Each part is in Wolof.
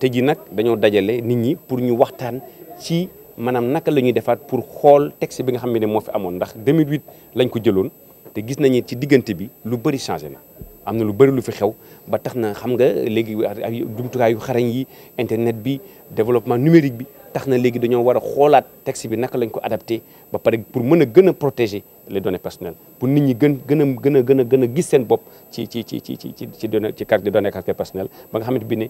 te ji nag dañoo dajale nit ñi pour ñu waxtaan ci maanaam naka la ñuy defaat pour xool texte bi nga xam ne moo fi amoon ndax 2008 lañ ko jëloon te gis nañu ci diggante bi lu bëri changé na. am na lu bëri lu fi xew ba tax na xam nga léegi ay jumtukaayu xarañ yi internet bi développement numérique bi. tax na léegi dañoo war a xoolaat texte bi naka lañ ko adapté ba pare pour mën a gën a protéger les données personnelles pour nit ñi gën gën a gën a gën a gën a gis seen bopp ci ci ci ci ci ci données ci carte de données carte personnelle ba nga xamante bi ne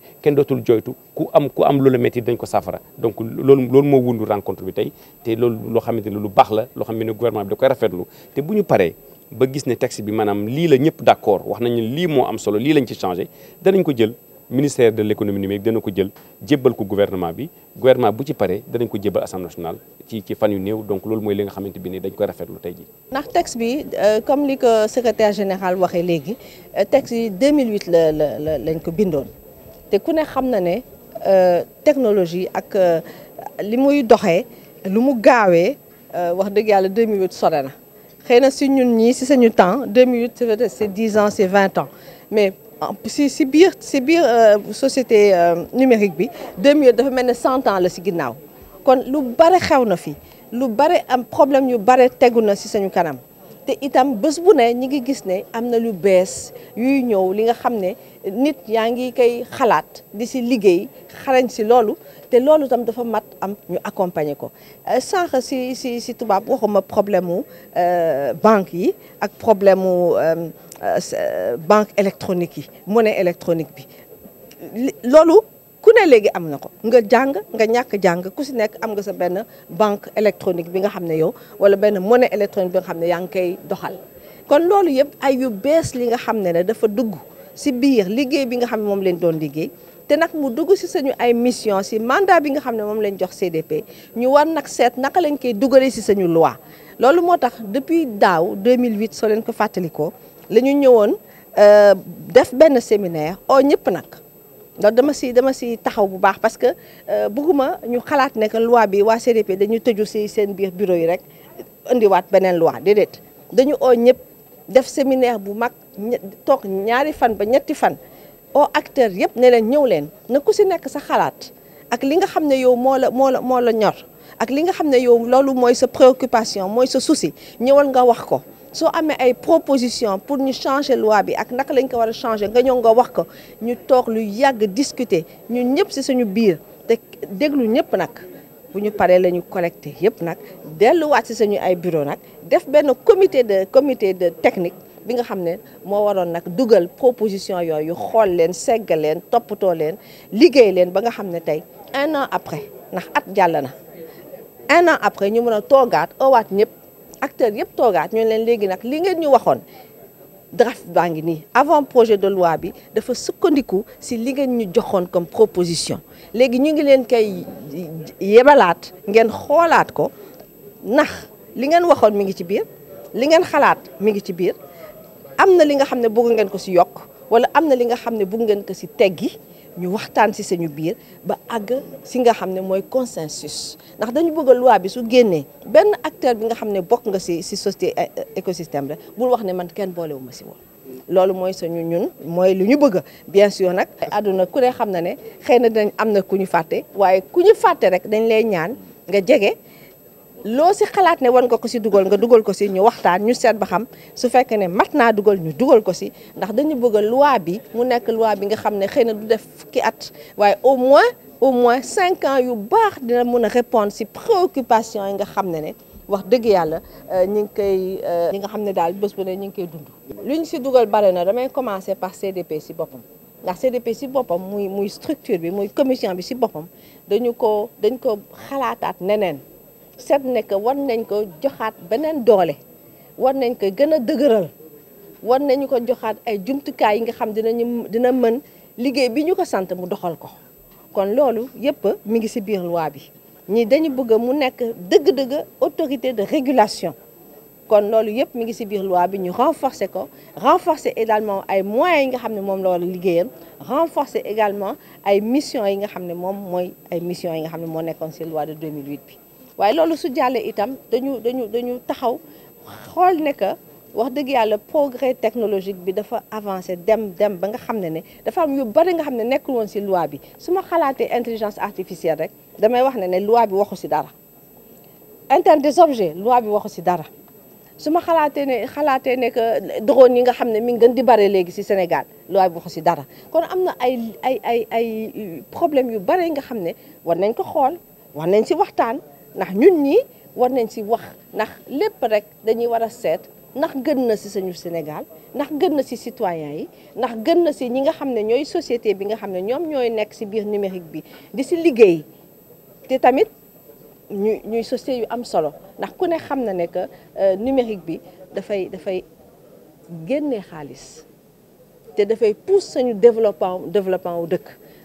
joytu ku am ku am loola métti dañ ko saafara donc loolu loolu moo wundu rencontre bi tey te loolu lo xamante ne lu baax la loo xam gouvernement bi da koy rafetlu te bu ñu paree ba gis ne texte bi maanaam lii la ñëpp wax am solo lii lañ ci changé danañ ko jël ministère de l'économie numérique dañ ko jël djébal ko gouvernement bi gouvernement bu ci paré dañ ko djébal assemblée nationale ci ci fan yu néew donc lool moy li nga xamanteni bi ni dañ koy rafetlu ji ndax texte bi euh, comme li ko secrétaire général waxé légui euh, texte de 2008 la la lañ ko bindoon té ku ne xam na euh, technologie ak li muy doxé lu mu wax deug yalla 2008 xeyna si ñun ñi ci sañu temps 2008 c'est 10 ans c'est 20 ans mais ah, si si biir si biir euh, société euh, numérique bi 2000 dafa mel ne 100 ans la si ginnaaw kon lu bare xew na fi lu bare am problème yu bare tegu na si suñu kanam te itam bés bu ne ñi ngi gis ne am na lu bees yuy ñëw li nga xam ne nit yaa ngi koy xalaat di si liggéey xarañ si loolu te loolu tam dafa mat am ñu accompagner ko euh, sànq si si si tubaab waxuma problème mu euh, banque yi ak problème mu euh, banque électronique yi monnaie électronique bi loolu ku ne léegi am na ko nga jàng nga ñàkk jàng ku si nekk am nga sa benn banque électronique bi nga xam ne yow wala benn monnaie électronique bi nga xam ne yaa ngi koy doxal kon loolu yëpp ay yu bees li nga xam ne ne dafa dugg si biir liggéey bi nga xam ne moom leen doon liggéey te nag mu dugg si suñu ay mission si mandat bi nga xam ne lañ jox CDP ñu war nag seet naka lañ koy dugalee si suñu loi loolu moo depuis daaw 2008 so leen ko fàttalikoo la euh, def ben séminaire o ñëpp nag ndax dama si dama si taxaw bu baax parce que euh, bëgguma ñu xalaat ne loi bi waa CDP dañu tëju si seen biir bureau yi rek indiwaat beneen loi déedéet dañu o ñëpp def séminaire bu mak tok ñaari fan ba ñetti fan au acteur yep ne len ñew leen na ku sa xalaat ak li nga xamne yow mo la mo la mo la ñor ak li nga xamne yow lolu moy sa préoccupation moy sa souci nga proposition pour ñu changer loi bi ak nak lañ ko wara changer nga nga wax ko ñu tok lu discuter ñun ñep ci suñu biir te deglu ñep nak bu ñu suñu ay bureau nak def ben comité de comité de technique bi nga xamné mo moo nak nag proposition yooyu xol leen seggal leen toppatoo leen liggéey leen ba nga xamné tay un an après ndax at jallana un an après ñu mëna togaat toogaat owaat ñëpp acteur yëpp toogaat ñu leen légui nak li ngeen ñu waxoon draft bangi ni avant projet de loi bi dafa sukkandiku si li ngeen ñu joxone comme proposition légui ñu ngi leen kay yebalat ngeen xolaat ko ndax li ngeen waxone mi ngi ci biir li ngeen xalaat mi ngi ci biir amna na li nga xam ne bëgg ngeen ko si yokk wala am li nga xam bëgg ngeen ko si teggi ñu waxtaan biir ba aga si nga xam konsensus. mooy consensus ndax dañu bëgg loi bi su génnee ben acteur bi nga xam ne nga si si société euh, euh, écosystème la bul wax ne man kenn boolewuma si woon. loolu mooy suñu ñun mooy lu ñu bëgg bien sûr nag. àdduna ku ne xam ne xëy dañ am ku ñu fàtte waaye ku ñu rek dañ lay ñaan nga lo si xalaat ne won nga ko si dugal nga dugal ko si ñu waxtaan ñu sét ba xam su fekk ne matna naa dugal ñu dugal ko si ndax dañu bëgg loi bi mu nekk loi bi nga xam ne xëy na du def ki at waaye au moins au moins 5 ans yu baax dina mën a répondre si préoccupation yi nga xam ne ne wax dëgg yàlla euh, ñi ngi koy euh, ñi nga xam ne daal bés bu ne ñu ngi koy dund. luñ si dugal bare na damay commencer par CDP si boppam ndax CDP si boppam muy muy structure bi muy commission bi si boppam dañu ko dañ ko xalaataat neneen. seet ne que war nañ ko joxaat beneen doole war nañ ko gën a dëgëral war nañu ko joxaat ay jumtukaay yi nga xam dinañu dina mën liggéey bi ñu ko sant mu doxal ko kon loolu yëpp mi ngi ci biir loi bi ñi dañu bëgg mu nekk dëgg-dëgg autorité de régulation kon loolu yëpp mi ngi ci biir loi bi ñu renforcer ko renforcer également ay moyens yi nga xam ne moom la war a liggéeyam renforcer également ay missions yi nga xam ne moom mooy ay missions yi nga xam ne moo nekkoon ci loi de bi waye loolu su jalle itam dañu dañu dañu taxaw xol ne ka wax deug yàlla progrès technologique bi dafa avancer dem dem ba nga xamne ne dafa am yu bari nga xamne ne won ci loi bi suma xalaté intelligence artificielle rek damay wax ne ne loi bi waxu ci dara internet des objets loi bi waxu ci dara suma xalaté ne xalaté ne que drone yi nga xamne mi ngeen di bare légui ci Sénégal loi bi waxu ci dara kon amna ay ay ay ay problème yu bari nga xamne war nañ ko xol war nañ ci waxtaan ndax ñun ñi war nañ si wax ndax lépp rek dañuy war a seet ndax gën na si sañu Sénégal ndax gën na si citoyen yi ndax gën na si ñi nga xam ne ñooy société bi nga xam ne ñoom ñooy nekk si biir numérique bi di si liggéey te tamit ñu ñuy société yu am solo ndax ku ne xam na ne que euh, numérique bi dafay dafay génnee xaalis te dafay pousse sañu développement développement wu dëkk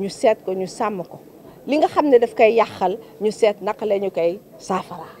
ñu seet ko ñu sàmm ko li nga xam ne daf koy yàqal ñu seet naka la ñu koy saafara